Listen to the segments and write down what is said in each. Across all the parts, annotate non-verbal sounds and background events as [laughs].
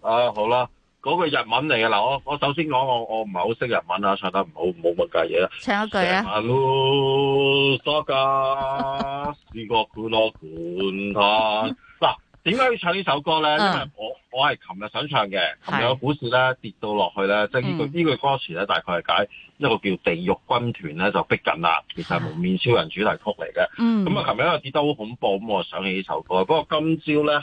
啊好啦，嗰句日文嚟嘅嗱，我我首先講我我唔係好識日文啊，唱得唔好冇乜嘅嘢啦，唱一句啊，Hello，多加四個管樂團嗱，點解要唱呢首歌咧、嗯？因為我我係琴日想唱嘅，琴日股市咧跌到落去咧，即係呢句呢、嗯、句歌詞咧，大概係解一個叫地獄軍團咧就逼近啦，其實係蒙面超人主題曲嚟嘅，咁啊琴日又跌得好恐怖，咁我想起呢首歌，不過今朝咧，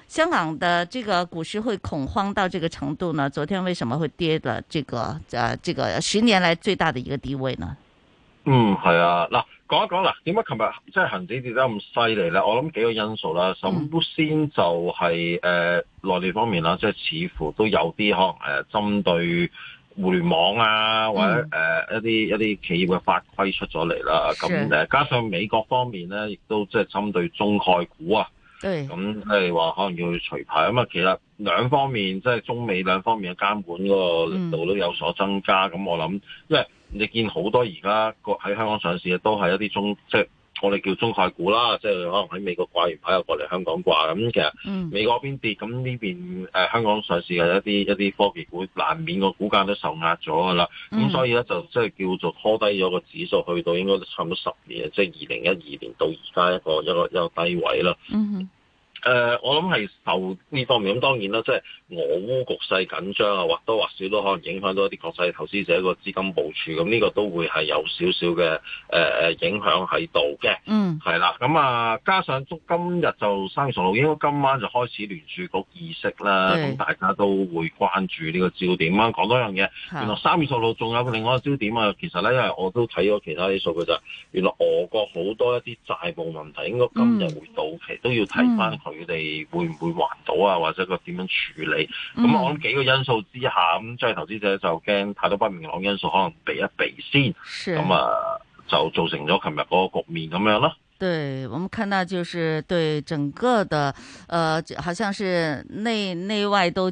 香港的這個股市會恐慌到這個程度呢？昨天為什麼會跌到這個，啊，這個十年來最大的一個低位呢？嗯，係啊，嗱，講一講嗱，點解琴日即係恒指跌得咁犀利咧？我諗幾個因素啦、嗯，首先就係誒內地方面啦，即係似乎都有啲可能誒針對互聯網啊、嗯、或者誒、呃、一啲一啲企業嘅法規出咗嚟啦，咁誒加上美國方面咧亦都即係針對中概股啊。對，咁即係話可能要去除牌，吖嘛？其實兩方面即係、就是、中美兩方面嘅監管嗰個力度都有所增加，咁、嗯、我諗，因為你見好多而家個喺香港上市嘅都係一啲中即係。就是我哋叫中概股啦，即係可能喺美國掛完牌又過嚟香港掛，咁其實美國嗰邊跌，咁呢邊、呃、香港上市嘅一啲一啲科技股難免個股價都受壓咗㗎啦，咁、嗯、所以咧就即係叫做拖低咗個指數，去到應該差唔多十年，即係二零一二年到而家一個一個一個低位啦。嗯誒、呃，我諗係受呢方面咁，當然啦，即係俄烏局勢緊張啊，或多或少都可能影響到一啲國際投資者個資金部署，咁呢個都會係有少少嘅誒誒影響喺度嘅。嗯，係啦，咁、嗯、啊，加上今日就三月十六，應該今晚就開始聯儲局議息啦，咁、嗯、大家都會關注呢個焦點啊。講多樣嘢，原來三月十六仲有另外一個焦點啊。其實咧，因為我都睇咗其他啲數據就，原來俄國好多一啲債務問題應該今日會到期，嗯、都要睇翻、嗯。佢哋會唔會還到啊？或者佢點樣處理？咁我諗幾個因素之下，咁、嗯、即係投資者就驚太多不明朗因素，可能避一避先。咁啊，就造成咗琴日嗰個局面咁樣咯。對，我們看到就是對整個的，呃，好像是內內外都。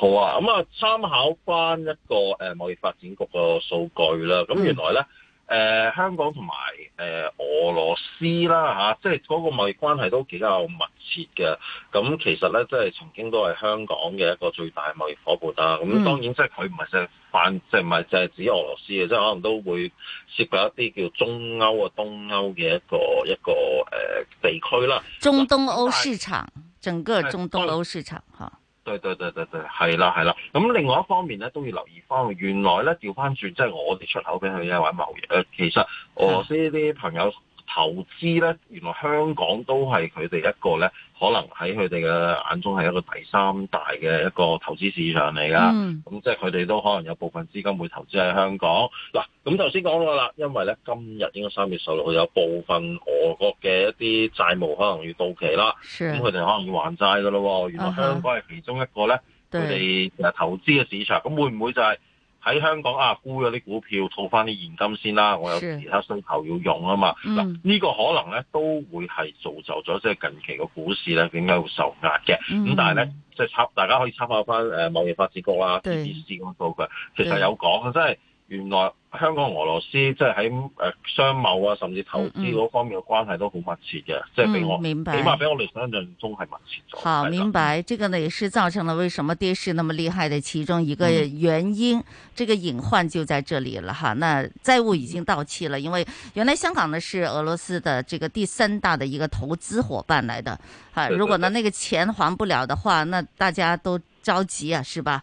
好啊，咁啊，參考翻一個誒貿易發展局個數據啦。咁原來咧，誒、嗯呃、香港同埋誒俄羅斯啦嚇，即係嗰個貿易關係都比較密切嘅。咁其實咧，即、就、係、是、曾經都係香港嘅一個最大貿易夥伴啦。咁當然即係佢唔係淨係即係唔係淨係指俄羅斯嘅，即、就、係、是、可能都會涉及一啲叫中歐啊、東歐嘅一個一個誒、呃、地區啦。中東歐市場，整個中東歐市場嚇。哎對對對對對，係啦係啦。咁另外一方面咧，都要留意翻。原來咧，調翻轉即係我哋出口俾佢一位者貿易誒、其實俄羅斯啲啲朋友。嗯投資咧，原來香港都係佢哋一個咧，可能喺佢哋嘅眼中係一個第三大嘅一個投資市場嚟噶。咁、嗯、即係佢哋都可能有部分資金會投資喺香港。嗱，咁頭先講過啦，因為咧今日應該三月十六號有部分俄國嘅一啲債務可能要到期啦，咁佢哋可能要還債噶咯。原來香港係其中一個咧，佢、啊、哋投資嘅市場。咁會唔會就係、是？喺香港啊沽嗰啲股票，套翻啲現金先啦。我有其他需求要用啊嘛。嗱呢、嗯這個可能咧都會係造就咗即係近期嘅股市咧點解會受壓嘅。咁、嗯、但係咧即係參大家可以參考翻誒貿易發展局啦、BIS 嗰啲數據，其實有講即係。原來香港同俄羅斯即係喺誒商貿啊，甚至投資嗰方面嘅關係都好密切嘅，即係俾我明白起碼俾我哋想象中係密切咗。好，明白，這個呢也是造成了為什麼跌勢那麼厲害的其中一個原因。嗯，這個隱患就在這裏了哈。那債務已經到期了，因為原來香港呢是俄羅斯的這個第三大的一個投資伙伴來的。哈，如果呢那個錢還不了的話，那大家都着急啊，是吧？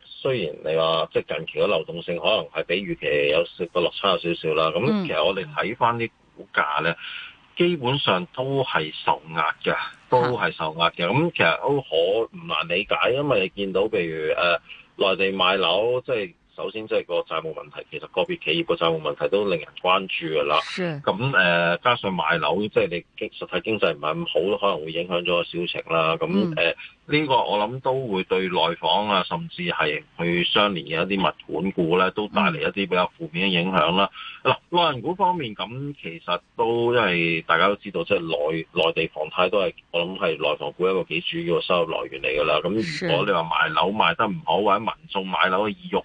雖然你話即係近期嘅流動性可能係比預期有少個落差，有少少啦，咁、嗯、其實我哋睇翻啲股價咧，基本上都係受壓嘅，都係受壓嘅。咁其實都可唔難理解，因為你見到譬如誒、呃、內地買樓即係。就是首先即係個債務問題，其實個別企業個債務問題都令人關注㗎啦。咁誒、呃，加上賣樓，即係你經實體經濟唔係咁好，都可能會影響咗銷情啦。咁、嗯、誒，呢、呃、這個我諗都會對內房啊，甚至係佢相連嘅一啲物管股咧，都帶嚟一啲比較負面嘅影響啦。嗱、嗯，內房股方面，咁其實都因為大家都知道，即、就、係、是、內內地房貸都係我諗係內房股一個幾主要嘅收入來源嚟㗎啦。咁如果你話賣樓賣得唔好，或者民眾買樓嘅意欲，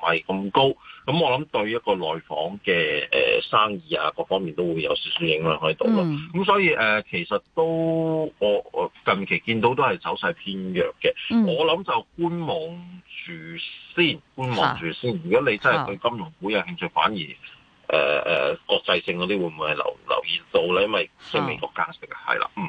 係咁高，咁我諗對一個內房嘅、呃、生意啊，各方面都會有少少影響喺度咯。咁、嗯、所以、呃、其實都我我近期見到都係走勢偏弱嘅、嗯。我諗就觀望住先，觀望住先。如果你真係對金融股有興趣，啊、反而誒誒、呃、國際性嗰啲會唔會留留意到咧？因為即係美國加息啊，係啦，嗯。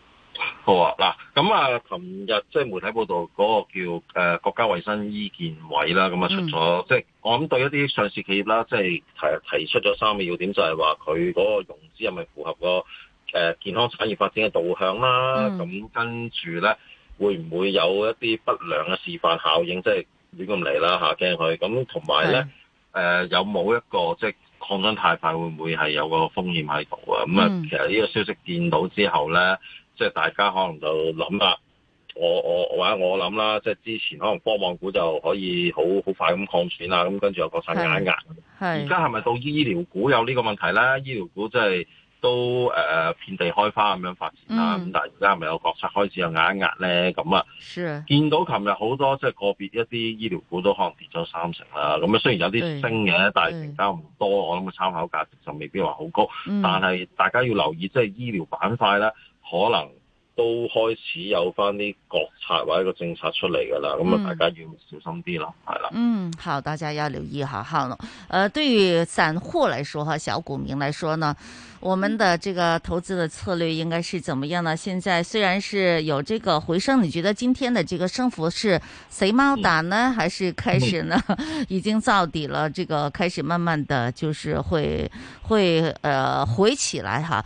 好啊，嗱，咁啊，琴日即係媒體報道嗰個叫誒、呃、國家衛生醫健委啦，咁啊出咗，即、嗯、係、就是、我諗對一啲上市企業啦，即、就、係、是、提提出咗三個要點，就係話佢嗰個融資係咪符合個誒、呃、健康產業發展嘅導向啦？咁跟住咧，會唔會有一啲不良嘅示範效應？即係亂咁嚟啦吓驚佢。咁同埋咧，誒有冇、嗯呃、一個即係擴張態勢會唔會係有個風險喺度啊？咁、嗯、啊，其實呢個消息見到之後咧。即係大家可能就諗啦，我我或者我諗啦，即係之前可能科網股就可以好好快咁擴展啦，咁跟住有國策壓壓。係。而家係咪到醫療股有呢個問題咧？醫療股即係都誒、呃、遍地開花咁樣發展啦，咁、嗯、但係而家係咪有國策開始有壓壓咧？咁啊，見到琴日好多即係、就是、個別一啲醫療股都可能跌咗三成啦。咁啊，雖然有啲升嘅，但係成交唔多，我諗嘅參考價值就未必話好高。嗯、但係大家要留意，即、就、係、是、醫療板塊呢。可能都開始有翻啲國策或者一個政策出嚟噶啦，咁、嗯、啊大家要小心啲啦，係啦。嗯，好，大家要留意下好啦。誒、呃，對於散戶來說哈，小股民來說呢，我們的這個投資的策略應該是怎麼樣呢？現在雖然是有這個回升，你覺得今天的這個升幅是死貓打呢？還是開始呢、嗯、已經造底了？這個開始慢慢的就是會會呃回起來哈。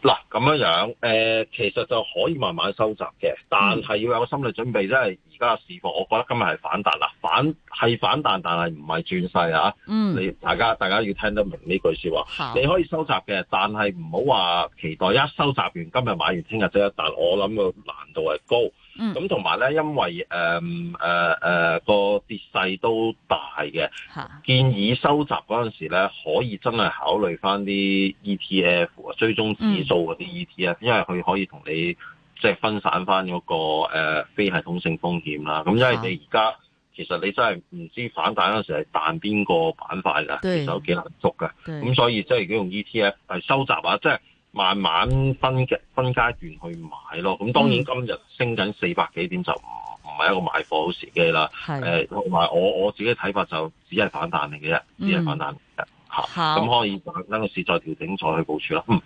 嗱，咁樣樣，誒、呃，其實就可以慢慢收集嘅，但係要有個心理準備，即係而家嘅市況，我覺得今日係反彈啦，反係反彈，但係唔係轉勢啊！嗯，你大家大家要聽得明呢句說話，你可以收集嘅，但係唔好話期待一收集完今日買完，聽日即係彈，我諗個難度係高。咁同埋咧，因為誒誒誒個跌勢都大嘅、啊，建議收集嗰陣時咧，可以真係考慮翻啲 ETF 啊，追蹤指數嗰啲 ETF、嗯、因為佢可以同你即係、就是、分散翻、那、嗰個、啊、非系統性風險啦。咁、啊、因為你而家其實你真係唔知反彈嗰陣時係彈邊個板塊㗎，其實都幾難捉㗎。咁所以即係如果用 ETF 嚟、啊、收集啊，即係。慢慢分階分階段去買咯，咁當然今日升緊四百幾點就唔唔係一個買貨好時機啦。係，誒，同埋我我自己嘅睇法就只係反彈嚟嘅啫，只係反彈嚟嘅吓，咁、嗯、可以等個市再調整再去部署啦。嗯，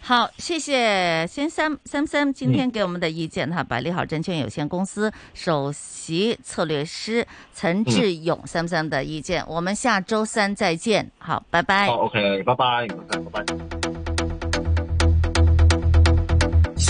好，謝謝先生。Sam Sam，今天給我們的意見哈、嗯，百利好證券有限公司首席策略師岑智勇 Sam Sam 的意見，嗯、我們下週三再見，好，拜拜。好、okay, k 拜拜，拜拜。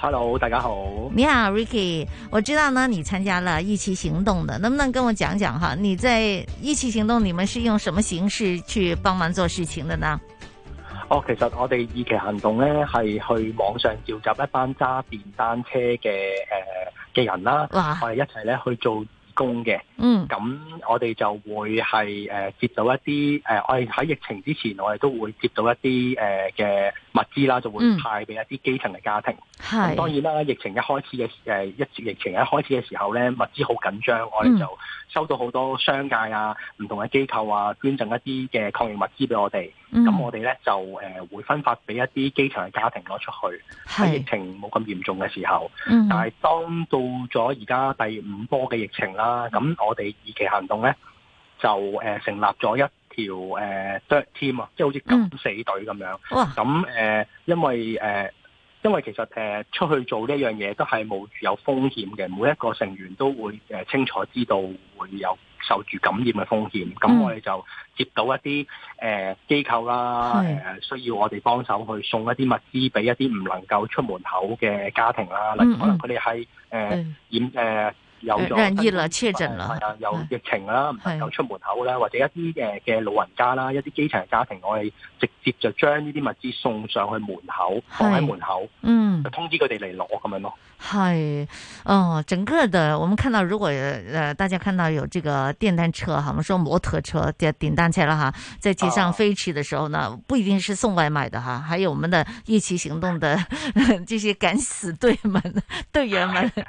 hello，大家好。你好，Ricky，我知道呢，你參加了義騎行動的，能不能跟我講講吓？你在義騎行動，你們是用什麼形式去幫忙做事情的呢？哦，其實我哋義騎行動呢，係去網上召集一班揸電單車嘅誒嘅人啦，哇，我哋一齊咧去做義工嘅。嗯，咁我哋就會係誒、呃、接到一啲誒、呃，我哋喺疫情之前我哋都會接到一啲誒嘅。呃物資啦，就會派俾一啲基層嘅家庭。係、嗯、當然啦，疫情一開始嘅，誒，一疫情一開始嘅時候咧，物資好緊張，我哋就收到好多商界啊、唔同嘅機構啊捐贈一啲嘅抗疫物資俾我哋。咁、嗯、我哋咧就誒會分發俾一啲基層嘅家庭攞出去。喺疫情冇咁嚴重嘅時候，嗯、但係當到咗而家第五波嘅疫情啦，咁我哋義騎行動咧就誒成立咗一。條 Uh, team 啊，即好似咁死隊咁樣。咁、嗯嗯、因為、uh, 因為其實出去做呢樣嘢都係冇有風險嘅，每一個成員都會清楚知道會有受住感染嘅風險。咁、嗯、我哋就接到一啲誒、uh, 機構啦，需要我哋幫手去送一啲物資俾一啲唔能夠出門口嘅家庭啦。嗯、例如可能佢哋係誒染、uh, 有咗，係啊，有疫情啦，唔能夠出門口啦，或者一啲嘅嘅老人家啦，一啲基層家庭，我哋直接就將呢啲物資送上去門口，放喺門口，嗯，通知佢哋嚟攞咁樣咯。係哦，整個的，我們看到如果，呃，大家看到有這個電單車哈，我們說摩托車電電單車啦，哈，在街上飛馳的時候呢、啊，不一定是送外賣的哈，還有我們的一起行動義騎行動的這些 [laughs] 敢死隊們隊員們 [laughs]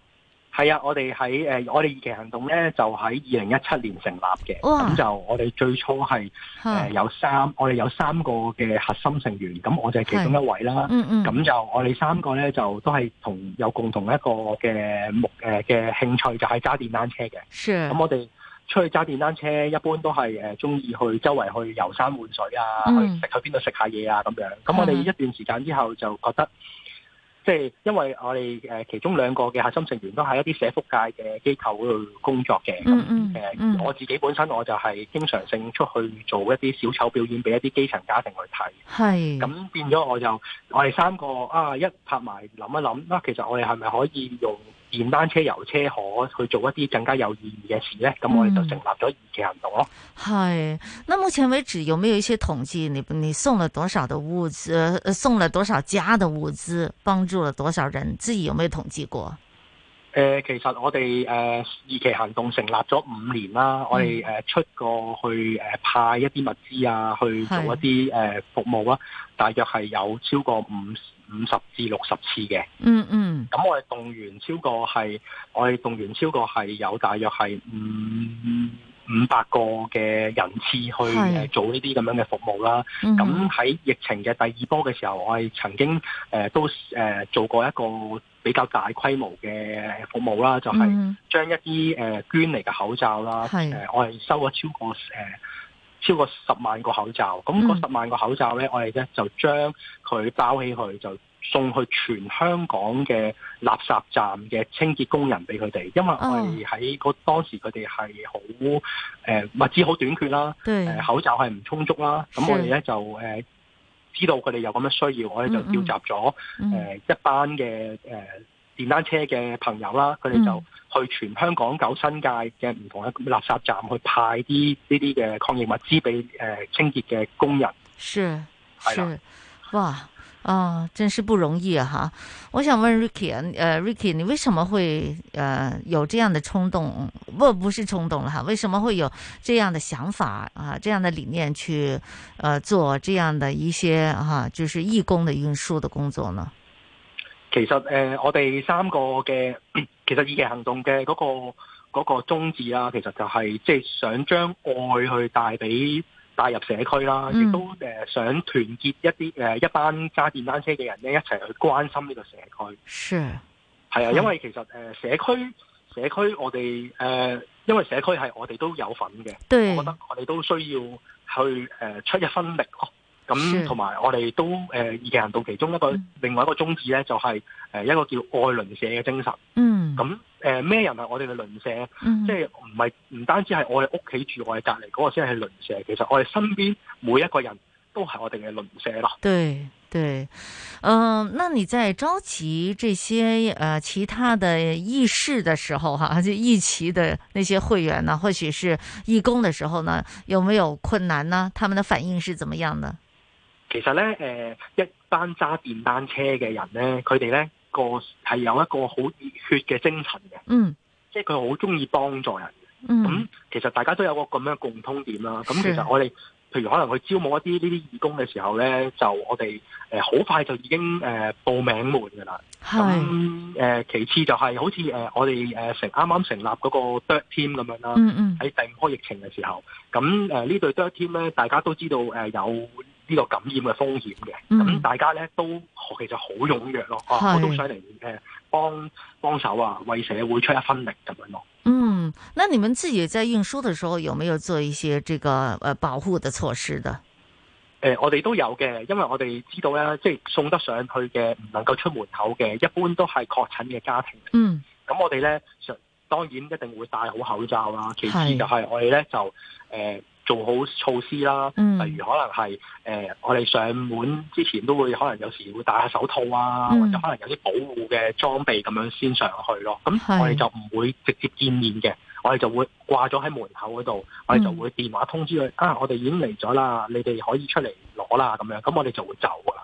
係啊，我哋喺誒，我哋義騎行動咧就喺二零一七年成立嘅，咁就我哋最初係誒、呃、有三，我哋有三個嘅核心成員，咁我就係其中一位啦，咁、嗯嗯、就我哋三個咧就都係同有共同一個嘅目誒嘅、呃、興趣就駕駕，就係揸電單車嘅。咁我哋出去揸電單車，一般都係誒中意去周圍去遊山玩水啊，嗯、去食去邊度食下嘢啊咁樣。咁我哋一段時間之後就覺得。即係，因為我哋誒，其中兩個嘅核心成員都喺一啲社福界嘅機構度工作嘅。誒、嗯嗯嗯呃，我自己本身我就係經常性出去做一啲小丑表演俾一啲基層家庭去睇。係。咁變咗我就，我哋三個啊，一拍埋諗一諗，啊，其實我哋係咪可以用？電單車遊車河去做一啲更加有意義嘅事呢。咁我哋就成立咗義騎行動咯。係、嗯，那目前為止有沒有一些統計？你你送了多少的物資呃？送了多少家的物資？幫助了多少人？自己有沒有統計過？誒、呃，其實我哋誒、呃、義騎行動成立咗五年啦，我哋誒、呃、出過去誒派一啲物資啊，去做一啲誒、呃、服務啊，大約係有超過五。五十至六十次嘅，嗯嗯，咁我哋動員超過係，我哋動員超過係有大約係五五百個嘅人次去做呢啲咁樣嘅服務啦。咁喺，mm-hmm. 疫情嘅第二波嘅時候，我哋曾經誒、呃、都誒、呃、做過一個比較大規模嘅服務啦，就係、是、將一啲誒、呃、捐嚟嘅口罩啦，誒、mm-hmm. 呃、我哋收咗超過誒。呃超過十萬個口罩，咁嗰十萬個口罩咧，我哋咧就將佢包起去，就送去全香港嘅垃圾站嘅清潔工人俾佢哋，因為我哋喺個當時佢哋係好誒物資好短缺啦、呃，口罩係唔充足啦，咁我哋咧就誒、呃、知道佢哋有咁嘅需要，我哋就召集咗、嗯嗯嗯嗯呃、一班嘅誒。呃電單車嘅朋友啦，佢哋就去全香港九新界嘅唔同嘅垃圾站去派啲呢啲嘅抗疫物資俾誒、呃、清潔嘅工人。是係啦，哇啊，真是不容易啊！我想問 Ricky 誒、啊、Ricky，你為什麼會誒、啊、有這樣的衝動？不不是衝動啦，哈、啊，為什麼會有這樣的想法啊？這樣的理念去誒、啊、做這樣的一些哈、啊，就是義工的運輸的工作呢？其實誒、呃，我哋三個嘅，其實義騎行動嘅嗰、那個嗰、那個宗旨啦、啊，其實就係即係想將愛去帶俾帶入社區啦，亦、嗯、都誒想團結一啲誒一班揸電單車嘅人咧，一齊去關心呢個社區。是，係啊，因為其實誒社區社區，我哋誒，因為社區係我哋都有份嘅，我覺得我哋都需要去誒、呃、出一分力咯。咁同埋我哋都意義、呃、人到其中一個、嗯、另外一個宗旨咧，就係、是呃、一個叫愛鄰舍嘅精神。嗯，咁誒咩人係我哋嘅鄰舍、嗯、即係唔係唔單止係我哋屋企住我哋隔離嗰個先係鄰舍，其實我哋身邊每一個人都係我哋嘅鄰舍咯。對對，嗯、呃，那你在召集這些呃其他的義事的時候，哈、啊、就義騎的那些會員呢，或許是義工的時候呢，有沒有困難呢？他們的反應是怎麼樣呢？其實咧，誒一班揸電單車嘅人咧，佢哋咧個係有一個好熱血嘅精神嘅，嗯，即係佢好鍾意幫助人的。咁、嗯、其實大家都有個咁樣的共通點啦。咁其實我哋譬如可能去招募一啲呢啲義工嘅時候咧，就我哋誒好快就已經誒報名滿㗎喇。係。咁其次就係好似誒我哋誒成啱啱成立嗰個 Dirt Team 咁樣啦。喺、嗯嗯、第五波疫情嘅時候，咁誒呢隊 Dirt Team 咧，大家都知道誒有。呢、這個感染嘅風險嘅，咁、嗯、大家咧都其實好踴躍咯，我都想嚟，誒、呃、幫幫手啊，為社會出一分力咁樣咯。嗯，那你們自己在運輸的時候有沒有做一些這個保護的措施的？誒、呃，我哋都有嘅，因為我哋知道咧，即係送得上去嘅唔能夠出門口嘅，一般都係確診嘅家庭的。嗯，咁、嗯、我哋咧，當然一定會戴好口罩啦、啊。其次就係我哋咧就誒。呃做好措施啦，例如可能係誒、呃、我哋上門之前都會可能有時會戴下手套啊、嗯，或者可能有啲保護嘅裝備咁樣先上去咯。咁我哋就唔會直接見面嘅，我哋就會掛咗喺門口嗰度，我哋就會電話通知佢、嗯，啊，我哋已經嚟咗啦，你哋可以出嚟攞啦咁樣，咁我哋就會走噶啦。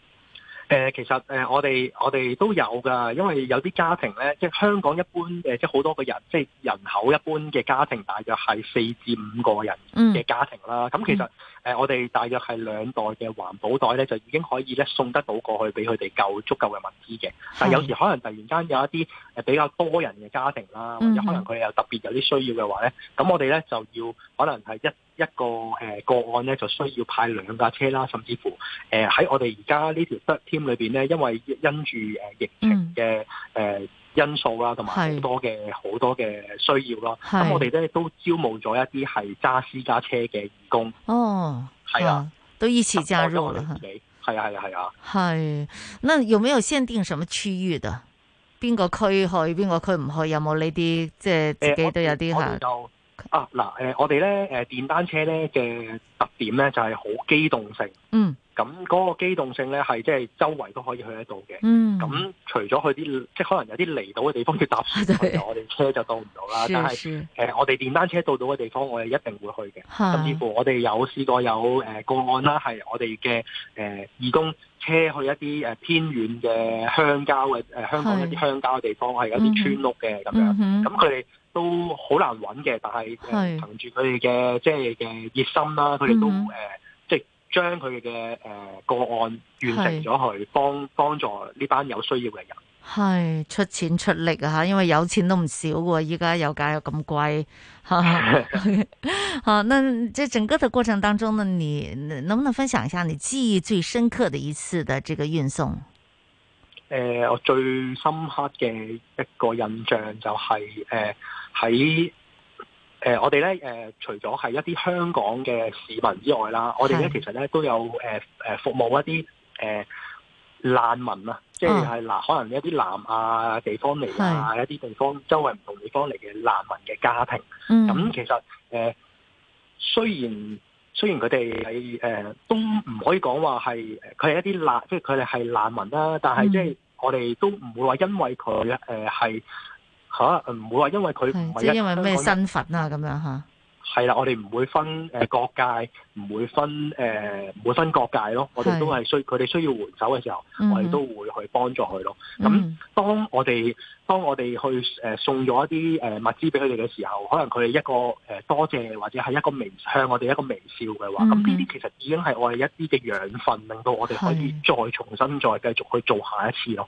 其實誒我哋我哋都有㗎，因為有啲家庭咧，即係香港一般，即係好多個人，即係人口一般嘅家，家庭，大約係四至五個人嘅家庭啦。咁其實我哋大約係兩代嘅環保袋咧，就已經可以咧送得到過去俾佢哋夠足夠嘅物資嘅。但有時可能突然間有一啲比較多人嘅家庭啦，或者可能佢哋有特別有啲需要嘅話咧，咁我哋咧就要可能係一。一個誒個案咧，就需要派兩架車啦，甚至乎誒喺我哋而家呢條 team 裏邊咧，因為因住誒疫情嘅誒因素啦，同埋好多嘅好多嘅需要咯。咁我哋咧都招募咗一啲係揸私家車嘅義工。哦，係啊，都一起加入了。係啊係啊係啊。係、啊啊，那有沒有限定什麼區域的？邊個區可以去，邊個區去唔去？有冇呢啲即係自己都有啲吓？欸啊嗱，誒、呃，我哋咧，誒，電單車咧嘅特點咧就係好機動性。嗯。咁、那、嗰個機動性咧，係即係周圍都可以去得到嘅。咁、嗯、除咗去啲即係可能有啲離島嘅地方要搭船嘅，我哋車就到唔到啦。但係、呃、我哋電單車到到嘅地方，我哋一定會去嘅。甚至乎我哋有試過有誒個案啦，係我哋嘅誒義工車去一啲偏遠嘅鄉郊嘅誒、呃、香港一啲鄉郊嘅地方，係有啲村屋嘅咁樣。咁佢哋都好難揾嘅，但係憑、呃、住佢哋嘅即係嘅熱心啦，佢哋都將佢哋嘅誒個案完成咗，去幫幫助呢班有需要嘅人。係出錢出力啊！因為有錢都唔少，依家油價又咁貴。吓 [laughs] 吓， [laughs] 那這整個嘅過程當中呢，你能不能分享一下你記憶最深刻嘅一次嘅這個運送、呃？我最深刻嘅一個印象就係誒喺。呃誒、呃，我哋咧誒，除咗係一啲香港嘅市民之外啦，我哋咧其實咧都有誒誒、呃、服務一啲誒、呃、難民啊，嗯、即係係嗱，可能一啲南亞地方嚟啊，一啲地方周圍唔同地方嚟嘅難民嘅家庭。咁、嗯、其實誒、呃，雖然雖然佢哋係誒，都唔可以講話係佢係一啲難，即係佢哋係難民啦、啊。但係即係我哋都唔會話因為佢誒係。嗯吓、啊、唔會話，因為佢唔係因為咩身份啊，咁樣吓？係、啊、啦，我哋唔會分誒國界，唔會分誒唔、呃、會分國界咯。是我哋都係需佢哋需要援手嘅時候，嗯、我哋都會去幫助佢咯。咁、啊、當我哋當我哋去誒、呃、送咗一啲誒、呃、物資俾佢哋嘅時候，可能佢哋一個誒、呃、多謝，或者係一個微笑，向我哋一個微笑嘅話，咁呢啲其實已經係我哋一啲嘅養分，令到我哋可以再重新再繼續去做下一次咯。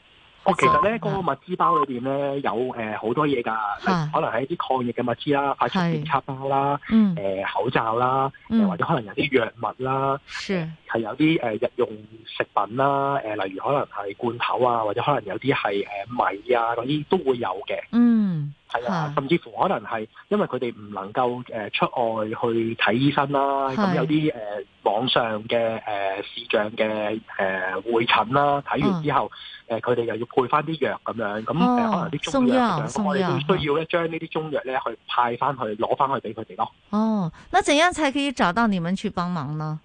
[noise] 哦、其實咧，嗰、那個物資包裏面咧有誒好、呃、多嘢㗎、啊，可能係一啲抗疫嘅物資啦，快速檢測包啦、嗯呃，口罩啦、嗯，或者可能有啲藥物啦，係、呃、有啲日用食品啦，呃、例如可能係罐頭啊，或者可能有啲係米啊嗰啲都會有嘅。嗯。係啊，甚至乎可能係因為佢哋唔能夠誒、呃、出外去睇醫生啦，咁有啲誒、呃、網上嘅誒、呃、視像嘅誒、呃、會診啦，睇完之後誒佢哋又要配翻啲藥咁樣，咁誒可能啲中藥，我哋需要咧將呢啲中藥咧去派翻去攞翻去俾佢哋咯。哦，那怎樣才可以找到你們去幫忙呢？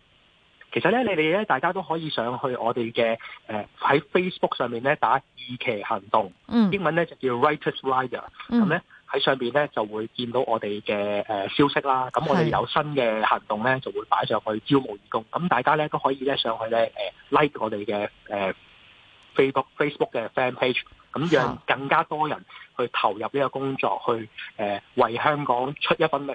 其實咧，你哋咧大家都可以上去我哋嘅誒喺 Facebook 上面咧打義騎行動，嗯、英文咧就叫 Riders Rider，咁、嗯、咧喺、嗯、上面咧就會見到我哋嘅、呃、消息啦。咁我哋有新嘅行動咧就會擺上去招募義工，咁大家咧都可以咧上去咧、呃、like 我哋嘅、呃、Facebook Facebook 嘅 Fan Page，咁讓更加多人去投入呢個工作，去、呃、為香港出一份力。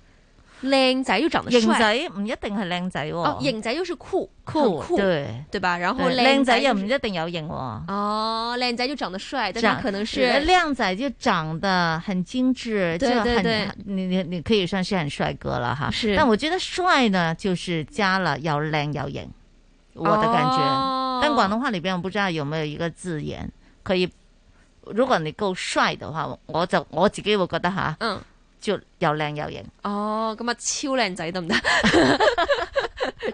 靚仔又長得帥，型仔唔一定係靚仔喎、哦。型、哦、仔又是酷，酷，酷，對，對吧？然後靚仔，仔又唔一定有型喎、哦。哦，靚仔就長得帥，但可能是靚仔就長得很精致，就很對對對你你你可以算是很帥哥了哈。是，但我覺得帥呢，就是加了要靚要型，我的感覺。哦、但廣東話裏邊，我不知道有沒有一個字眼可以，如果你夠帥的話，我就我自己會覺得吓，嗯。就又靚又型哦，咁啊超靚仔得唔得？行行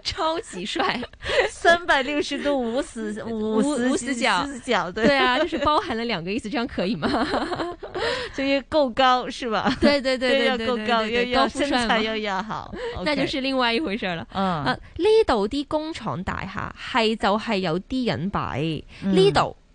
[laughs] 超級帥，三百六十度無死無死角，對啊，就是包含了兩個意思，這樣可以嗎？ [laughs] 就又夠高是吧？對對對對要夠，要夠高，要，要身材又要，要好，okay。那就是另外一回事了、嗯、啊，呢度啲工廠大廈係就係有啲隱蔽呢度。嗯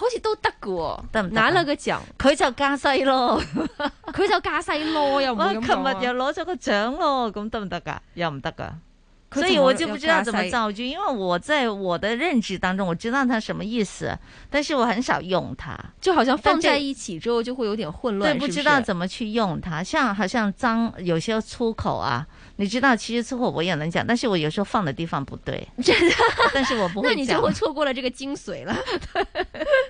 好似都得噶，得唔得啦？攞咗個獎，佢就架勢咯，佢 [laughs] 就架勢咯，又 [laughs] 唔、啊。我琴日又攞咗個獎咯，咁得唔得噶？又唔得噶。所以我就不知道怎麼造句，因為我在我的認知當中，我知道它什麼意思，但是我很少用它，就好像放在一起之後就會有點混亂，對，是是對，不知道怎麼去用它。像好像髒有些粗口啊，你知道其實粗口我也能講，但是我有時候放的地方不對，真的。但是我不會講， [laughs] 那你就會錯過了這個精髓了。 [laughs]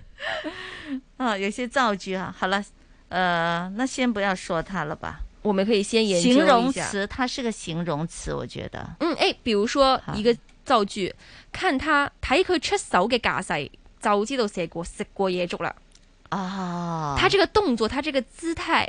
啊、 [laughs] 哦，有些造句啊，好了，呃，那先不要說它了吧，我們可以先研究一下。形容詞，它是個形容詞，我覺得。嗯，誒，比如說一個造句，看他睇佢出手嘅架勢，就知道食過食過夜粥啦。啊、哦，他這個動作，他這個姿態。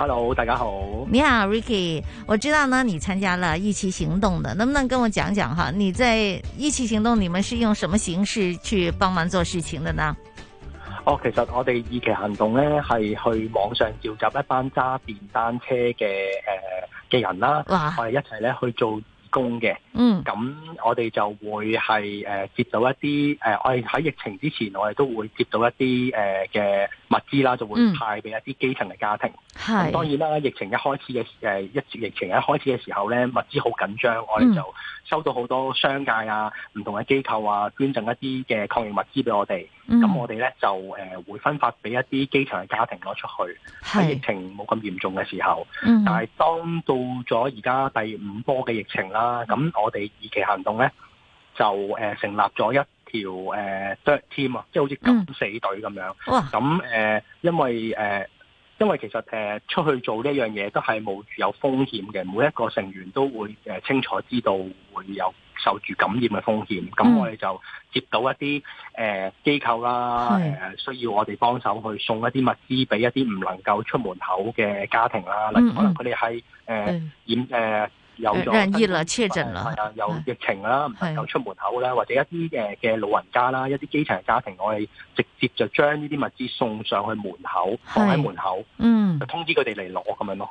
Hello，大家好。你好，Ricky，我知道呢，你參加了義騎行動的，能不能跟我講講哈？你在義騎行動，你們是用什麼形式去幫忙做事情的呢？哦，其實我哋義騎行動呢，係去網上召集一班揸電單車嘅誒嘅人啦。哇，我哋一齊咧，去做義工嘅。嗯，咁我哋就會係誒、呃、接到一啲誒、呃，我哋喺疫情之前我哋都會接到一啲誒嘅。呃物資啦，就會派俾一啲基層嘅家庭。係、嗯、當然啦，疫情一開始嘅誒一疫情一開始嘅時候咧，物資好緊張，我哋就收到好多商界啊、唔、嗯、同嘅機構啊捐贈一啲嘅抗疫物資俾我哋。咁、嗯、我哋咧就誒會分發俾一啲基層嘅家庭攞出去。喺疫情冇咁嚴重嘅時候，嗯、但係當到咗而家第五波嘅疫情啦，咁我哋義騎行動咧就誒成立咗一條誒、uh, team 啊，即係好似敢死隊咁樣、嗯。哇！咁、嗯、誒，因為誒，uh, 因為其實誒，出去做呢樣嘢都係冇有風險嘅，每一個成員都會誒清楚知道會有受住感染嘅風險。咁、嗯、我哋就接到一啲誒、uh, 機構啦，誒需要我哋幫手去送一啲物資俾一啲唔能夠出門口嘅家庭啦、嗯。例如可能佢哋喺誒染誒。Uh, 有咗確診啦，唔係啊！有疫情啦，唔能夠出門口咧，或者一啲嘅嘅老人家啦，一啲基層嘅家庭，我哋直接就將呢啲物資送上去門口，放喺門口，嗯，就通知佢哋嚟攞咁樣咯。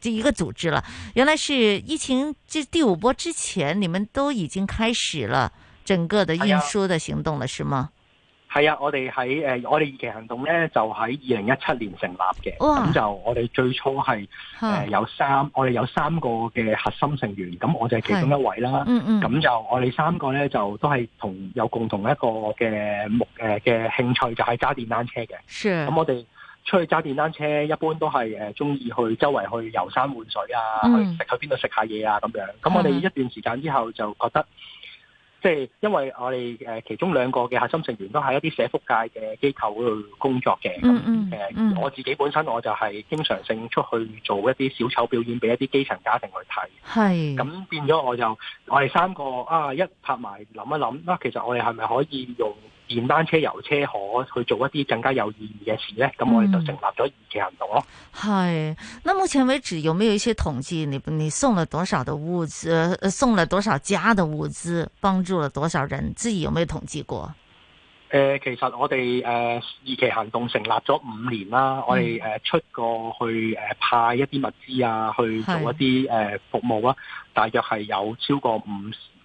就一個組織啦，原來是疫情即第五波之前，你們都已經開始了整個的運輸的行動了，是、啊、是嗎？係啊，我哋喺誒，我哋義騎行動咧就喺二零一七年成立嘅，咁就我哋最初係誒、呃啊、有三，我哋有三個嘅核心成員，咁我就係其中一位啦，咁、嗯嗯、就我哋三個咧就都係同有共同一個嘅目誒嘅、呃、興趣就車車，就係揸電單車嘅，咁我哋。出去揸電單車，一般都係誒中意去周圍去遊山玩水啊，mm. 去食去邊度食下嘢啊咁樣。咁我哋一段時間之後就覺得，即、mm. 係因為我哋其中兩個嘅核心成員都係一啲社福界嘅機構去度工作嘅。嗯、mm. mm. 呃、我自己本身我就係經常性出去做一啲小丑表演俾一啲基層家庭去睇。係。咁變咗我就，我哋三個啊一拍埋諗一諗，啊其實我哋係咪可以用電單車、遊車河去做一啲更加有意義嘅事呢。咁我哋就成立咗義騎行動咯。係、嗯，那目前為止有冇有一些統計？你你送了多少的物資、呃？送了多少家的物資？幫助了多少人？自己有冇有統計過？誒、呃，其實我哋誒、呃、義騎行動成立咗五年啦，我哋誒、嗯呃、出過去誒派一啲物資啊，去做一啲誒、呃、服務啊，大約係有超過五。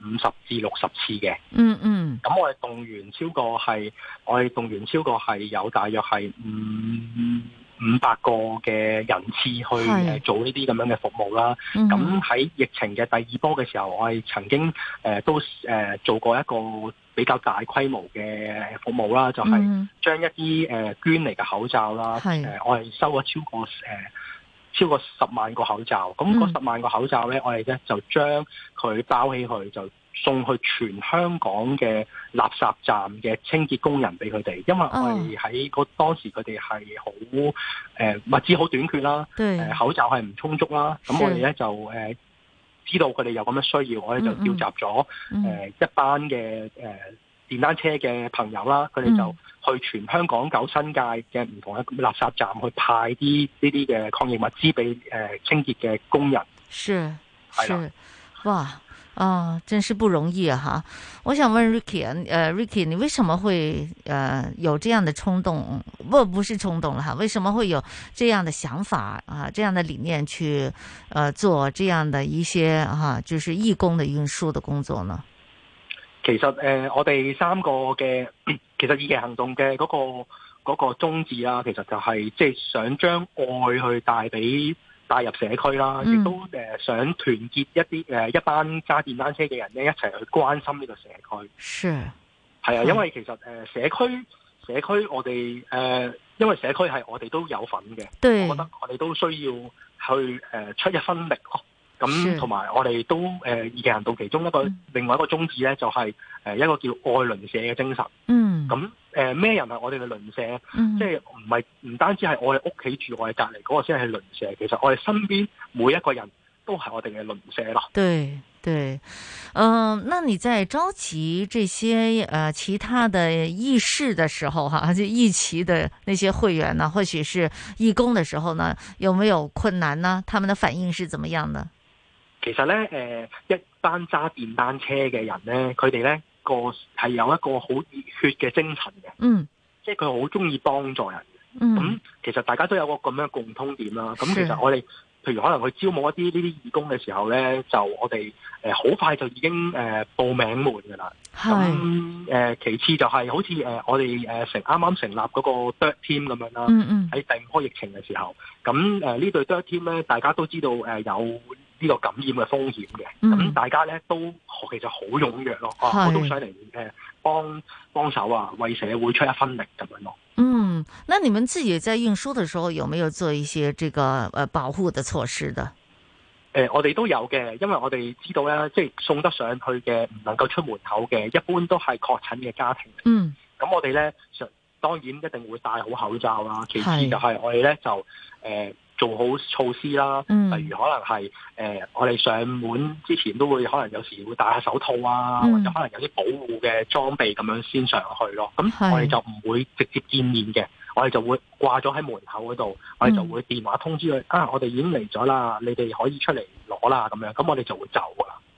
五十至六十次嘅，嗯嗯，咁我哋動員超過係，我哋動員超過係有大約係五五百個嘅人次去做呢啲咁樣嘅服務啦。咁、mm、喺 -hmm. 疫情嘅第二波嘅時候，我哋曾經誒、呃、都誒、呃、做過一個比較大規模嘅服務啦，就係、是、將一啲誒、呃、捐嚟嘅口罩啦，誒、mm -hmm. 呃、我哋收咗超過誒。呃超過十萬個口罩，咁嗰十萬個口罩咧，我哋咧就將佢包起佢就送去全香港嘅垃圾站嘅清潔工人俾佢哋，因為我哋喺個當時佢哋係好誒，物資好短缺啦，誒、呃、口罩係唔充足啦，咁我哋咧就誒、呃、知道佢哋有咁嘅需要，我哋就召集咗誒、嗯嗯呃、一班嘅誒。呃電單車嘅朋友啦，佢哋就去全香港九新界嘅唔同嘅垃圾站去派啲呢啲嘅抗疫物資俾誒清潔嘅工人。是係啦，哇啊，真是不容易啊！哈，我想問 Ricky 啊，誒 Ricky，你為什麼會誒、啊、有這樣的衝動？不，不是衝動了哈、啊，為什麼會有這樣的想法啊？這樣的理念去誒、啊、做這樣的一些哈、啊，就是義工的運輸的工作呢？其實誒、呃，我哋三個嘅其實義騎行動嘅嗰、那個、那個宗旨啦、啊，其實就係即係想將愛去帶俾帶入社區啦，亦、嗯、都誒想團結一啲誒一班揸電單車嘅人咧，一齊去關心呢個社區。是係啊，因為其實誒社區社區我哋誒、呃，因為社區係我哋都有份嘅，我覺得我哋都需要去誒、呃、出一分力咯。咁同埋我哋都義騎行動其中一個、嗯、另外一個宗旨咧，就係、是、誒、呃、一個叫愛鄰舍嘅精神。嗯，咁誒咩人係我哋嘅鄰舍嗯，即係唔係唔單止係我哋屋企住我哋隔離嗰個先係鄰舍，其實我哋身邊每一個人都係我哋嘅鄰舍咯。對對，嗯、呃，那你在召集這些呃其他的議事的時候，哈、啊，就義騎的那些會員呢，或許是義工的時候呢，有沒有困難呢？他們的反應是怎麼樣的？其實咧，誒，一班揸電單車嘅人咧，佢哋咧個係有一個好熱血嘅精神嘅，嗯，即係佢好中意幫助人。咁、嗯、其實大家都有個咁樣共通點啦。咁其實我哋，譬如可能去招募一啲呢啲義工嘅時候咧，就我哋誒好快就已經誒報名門噶啦。係誒，其次就係好似誒我哋誒成啱啱成立嗰個 Dirt Team 咁樣啦。嗯喺、嗯、第五波疫情嘅時候，咁誒呢隊 Dirt Team 咧，大家都知道誒有。呢、這個感染嘅風險嘅，咁、嗯、大家咧都其實好踴躍咯，我都想嚟誒、呃、幫幫手啊，為社會出一分力咁樣咯。嗯，那你們自己在運輸的時候有沒有做一些這個誒保護的措施的？誒、呃，我哋都有嘅，因為我哋知道咧，即係送得上去嘅唔能夠出門口嘅，一般都係確診嘅家庭的。嗯，咁、嗯、我哋咧，當然一定會戴好口罩啊。其次就係我哋咧就誒。呃做好措施啦，例如可能係誒、呃、我哋上門之前都會可能有時會戴下手套啊、嗯，或者可能有啲保護嘅裝備咁樣先上去咯。咁我哋就唔會直接見面嘅，我哋就會掛咗喺門口嗰度，我哋就會電話通知佢、嗯、啊，我哋已經嚟咗啦，你哋可以出嚟攞啦咁樣，咁我哋就會走啦。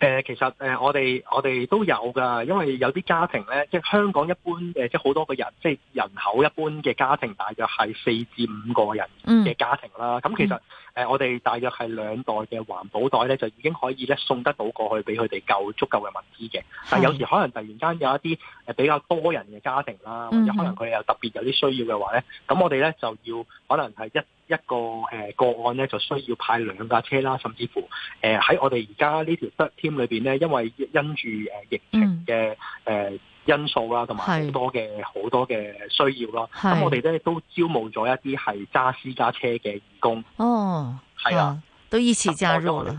誒，其實誒，我哋我哋都有噶，因為有啲家庭咧，即係香港一般誒，即係好多個人，即係人口一般嘅家，家庭，嗯、大約係四至五個人嘅家庭啦。咁其實誒，我哋大約係兩代嘅環保袋咧，就已經可以咧送得到過去俾佢哋夠足夠嘅物資嘅。但有時可能突然間有一啲誒比較多人嘅家庭啦，或者可能佢哋有特別有啲需要嘅話咧，咁我哋咧就要可能係一。一個誒個案咧，就需要派兩架車啦，甚至乎誒喺我哋而家呢條 team 裏邊咧，因為因住誒疫情嘅誒因素啦，同埋好多嘅好多嘅需要咯。咁我哋咧都招募咗一啲係揸私家車嘅義工。哦，係啊，都一起加入了。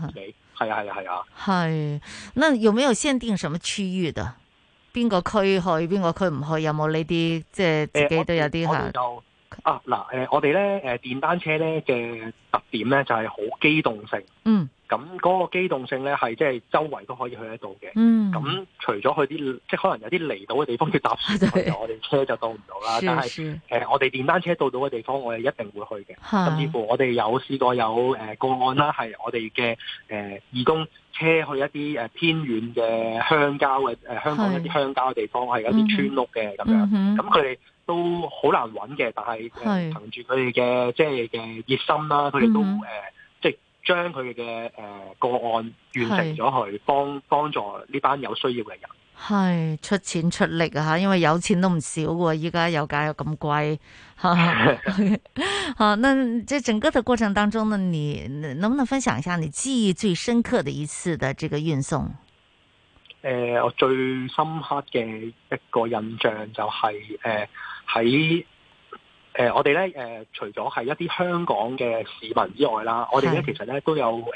係啊係啊係啊。係、啊啊，那有沒有限定什麼區域的？邊個區去？邊個區唔去？有冇呢啲？即、就、係、是、自己都有啲吓。欸啊嗱，誒、呃，我哋咧，誒，電單車咧嘅特點咧，就係好機動性。嗯。咁、那、嗰個機動性咧，係即係周圍都可以去得到嘅。咁、嗯、除咗去啲，即係可能有啲離島嘅地方要搭船，我哋車就到唔到啦。但係、呃、我哋電單車到到嘅地方，我哋一定會去嘅。甚至乎我哋有試過有誒個案啦，係我哋嘅誒義工車去一啲偏遠嘅鄉郊嘅、呃、香港一啲鄉郊嘅地方，係有啲村屋嘅咁樣。咁佢哋都好難揾嘅，但係憑、呃、住佢哋嘅即係嘅熱心啦，佢哋都將佢哋嘅誒個案完成咗，去幫幫助呢班有需要嘅人。係出錢出力啊！因為有錢都唔少，依家油價又咁貴，吓 [laughs] 吓。 [laughs] [laughs] 那整個嘅過程當中呢，你能不能分享一下你記憶最深刻嘅一次嘅這個運送、呃。我最深刻嘅一個印象就係誒喺。呃誒、呃，我哋咧誒，除咗係一啲香港嘅市民之外啦，我哋咧其實咧都有誒誒、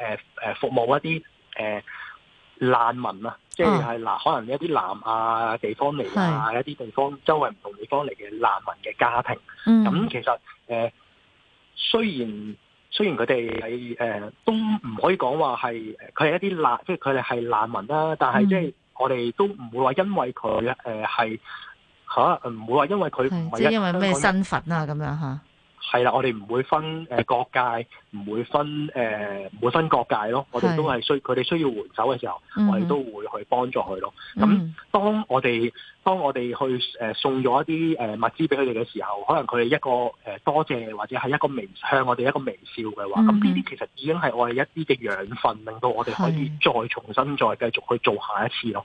呃、服務一啲誒、呃、難民啊，嗯、即係嗱，可能一啲南亞地方嚟啊，一啲地方周圍唔同地方嚟嘅難民嘅家庭。咁、嗯、其實誒、呃，雖然雖然佢哋係誒，都唔可以講話係佢係一啲難，即係佢哋係難民啦、啊。但係即係我哋都唔會話因為佢誒係。嗯吓、嗯，唔會話因為佢唔係因為咩身份啦，咁樣吓。係、啊、啦，我哋唔會分誒國界，唔會分誒唔、呃、會分國界咯。我哋都係需佢哋需要援手嘅時候，我哋都會去幫助佢咯。咁當我哋當我哋去誒、呃、送咗一啲誒物資俾佢哋嘅時候，可能佢哋一個誒、呃、多謝或者係一個微笑，向我哋一個微笑嘅話，咁呢啲其實已經係我哋一啲嘅養分，令到我哋可以再重新再繼續去做下一次咯。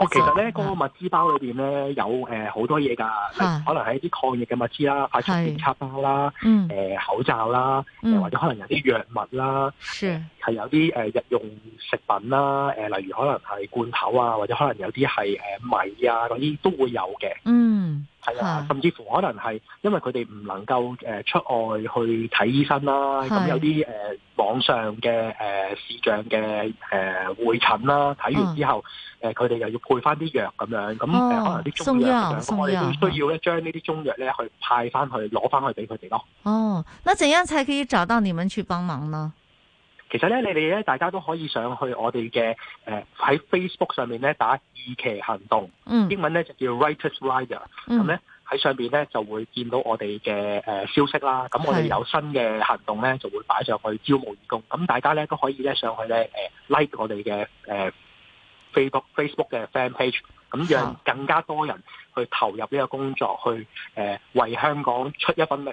我其實咧，嗰個物資包裏邊咧有誒好多嘢㗎，可能係啲抗疫嘅物資啦，快速檢測包啦，誒、呃、口罩啦、嗯，或者可能有啲藥物啦，係有啲誒日用食品啦，誒例如可能係罐頭啊，或者可能有啲係誒米啊嗰啲都會有嘅。嗯。係啊，甚至乎可能係因為佢哋唔能夠誒、呃、出外去睇醫生啦，咁有啲誒、呃、網上嘅誒、呃、視像嘅誒、呃、會診啦，睇完之後誒佢哋又要配翻啲藥咁樣，咁誒可能啲中藥，咁我哋都需要咧將呢啲中藥咧去派翻去攞翻去俾佢哋咯。哦，那怎樣才可以找到你們去幫忙呢？其實咧，你哋咧，大家都可以上去我哋嘅誒喺 Facebook 上面咧打義騎行動，嗯、英文咧就叫 Righteous Rider、嗯。咁咧喺上面咧就會見到我哋嘅、呃、消息啦。咁我哋有新嘅行動咧，就會擺上去招募義工。咁大家咧都可以咧上去咧誒、呃、Like 我哋嘅、呃、Facebook Facebook 嘅 Fan Page，咁讓更加多人去投入呢個工作，去誒、呃、為香港出一份力。